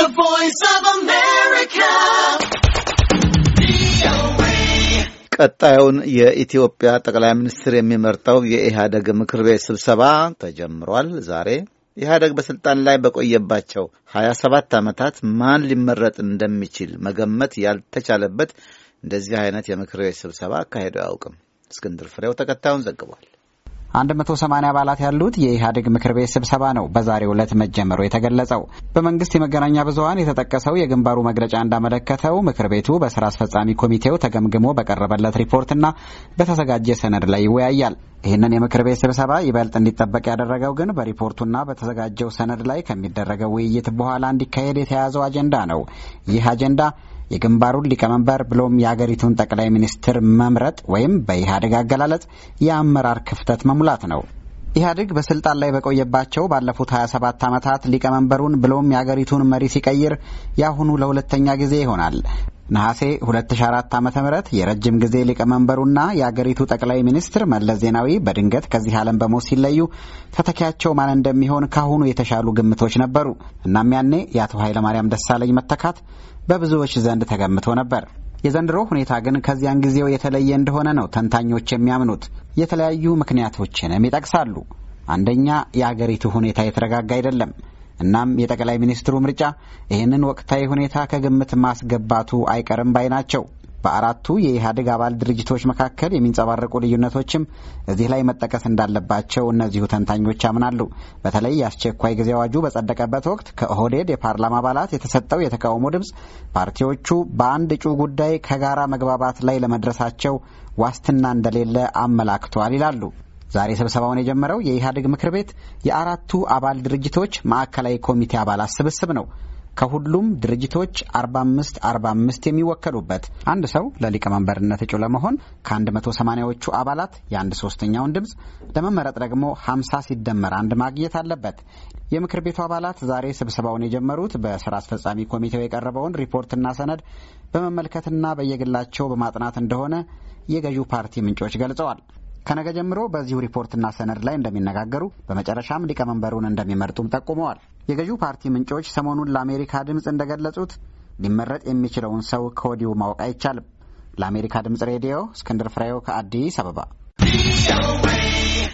The Voice of America. ቀጣዩን የኢትዮጵያ ጠቅላይ ሚኒስትር የሚመርጠው የኢህአደግ ምክር ቤት ስብሰባ ተጀምሯል ዛሬ። ኢህአደግ በስልጣን ላይ በቆየባቸው ሰባት ዓመታት ማን ሊመረጥ እንደሚችል መገመት ያልተቻለበት እንደዚህ አይነት የምክር ቤት ስብሰባ አካሄደው አያውቅም። እስክንድር ፍሬው ተከታዩን ዘግቧል። 180 አባላት ያሉት የኢህአዴግ ምክር ቤት ስብሰባ ነው በዛሬው ዕለት መጀመሩ የተገለጸው። በመንግስት የመገናኛ ብዙሀን የተጠቀሰው የግንባሩ መግለጫ እንዳመለከተው ምክር ቤቱ በስራ አስፈጻሚ ኮሚቴው ተገምግሞ በቀረበለት ሪፖርትና በተዘጋጀ ሰነድ ላይ ይወያያል። ይህንን የምክር ቤት ስብሰባ ይበልጥ እንዲጠበቅ ያደረገው ግን በሪፖርቱና በተዘጋጀው ሰነድ ላይ ከሚደረገው ውይይት በኋላ እንዲካሄድ የተያያዘው አጀንዳ ነው። ይህ አጀንዳ የግንባሩን ሊቀመንበር ብሎም የአገሪቱን ጠቅላይ ሚኒስትር መምረጥ ወይም በኢህአዴግ አገላለጽ የአመራር ክፍተት መሙላት ነው። ኢህአዴግ በስልጣን ላይ በቆየባቸው ባለፉት 27 ዓመታት ሊቀመንበሩን ብሎም የአገሪቱን መሪ ሲቀይር የአሁኑ ለሁለተኛ ጊዜ ይሆናል። ነሐሴ 2004 ዓ ም የረጅም ጊዜ ሊቀመንበሩና የአገሪቱ ጠቅላይ ሚኒስትር መለስ ዜናዊ በድንገት ከዚህ ዓለም በሞት ሲለዩ ተተኪያቸው ማን እንደሚሆን ካሁኑ የተሻሉ ግምቶች ነበሩ። እናም ያኔ የአቶ ኃይለማርያም ደሳለኝ መተካት በብዙዎች ዘንድ ተገምቶ ነበር። የዘንድሮ ሁኔታ ግን ከዚያን ጊዜው የተለየ እንደሆነ ነው ተንታኞች የሚያምኑት። የተለያዩ ምክንያቶችንም ይጠቅሳሉ። አንደኛ የአገሪቱ ሁኔታ የተረጋጋ አይደለም። እናም የጠቅላይ ሚኒስትሩ ምርጫ ይህንን ወቅታዊ ሁኔታ ከግምት ማስገባቱ አይቀርም ባይ ናቸው። በአራቱ የኢህአዴግ አባል ድርጅቶች መካከል የሚንጸባረቁ ልዩነቶችም እዚህ ላይ መጠቀስ እንዳለባቸው እነዚሁ ተንታኞች ያምናሉ። በተለይ የአስቸኳይ ጊዜ አዋጁ በጸደቀበት ወቅት ከኦህዴድ የፓርላማ አባላት የተሰጠው የተቃውሞ ድምፅ ፓርቲዎቹ በአንድ እጩ ጉዳይ ከጋራ መግባባት ላይ ለመድረሳቸው ዋስትና እንደሌለ አመላክቷል ይላሉ። ዛሬ ስብሰባውን የጀመረው የኢህአዴግ ምክር ቤት የአራቱ አባል ድርጅቶች ማዕከላዊ ኮሚቴ አባላት ስብስብ ነው። ከሁሉም ድርጅቶች 45 45 የሚወከሉበት አንድ ሰው ለሊቀመንበርነት እጩ ለመሆን ከ180ዎቹ አባላት የአንድ ሶስተኛውን ድምፅ ለመመረጥ ደግሞ 50 ሲደመር አንድ ማግኘት አለበት። የምክር ቤቱ አባላት ዛሬ ስብሰባውን የጀመሩት በስራ አስፈጻሚ ኮሚቴው የቀረበውን ሪፖርትና ሰነድ በመመልከትና በየግላቸው በማጥናት እንደሆነ የገዢው ፓርቲ ምንጮች ገልጸዋል። ከነገ ጀምሮ በዚሁ ሪፖርትና ሰነድ ላይ እንደሚነጋገሩ በመጨረሻም ሊቀመንበሩን እንደሚመርጡም ጠቁመዋል። የገዢው ፓርቲ ምንጮች ሰሞኑን ለአሜሪካ ድምፅ እንደገለጹት ሊመረጥ የሚችለውን ሰው ከወዲሁ ማወቅ አይቻልም። ለአሜሪካ ድምፅ ሬዲዮ እስክንድር ፍሬው ከአዲስ አበባ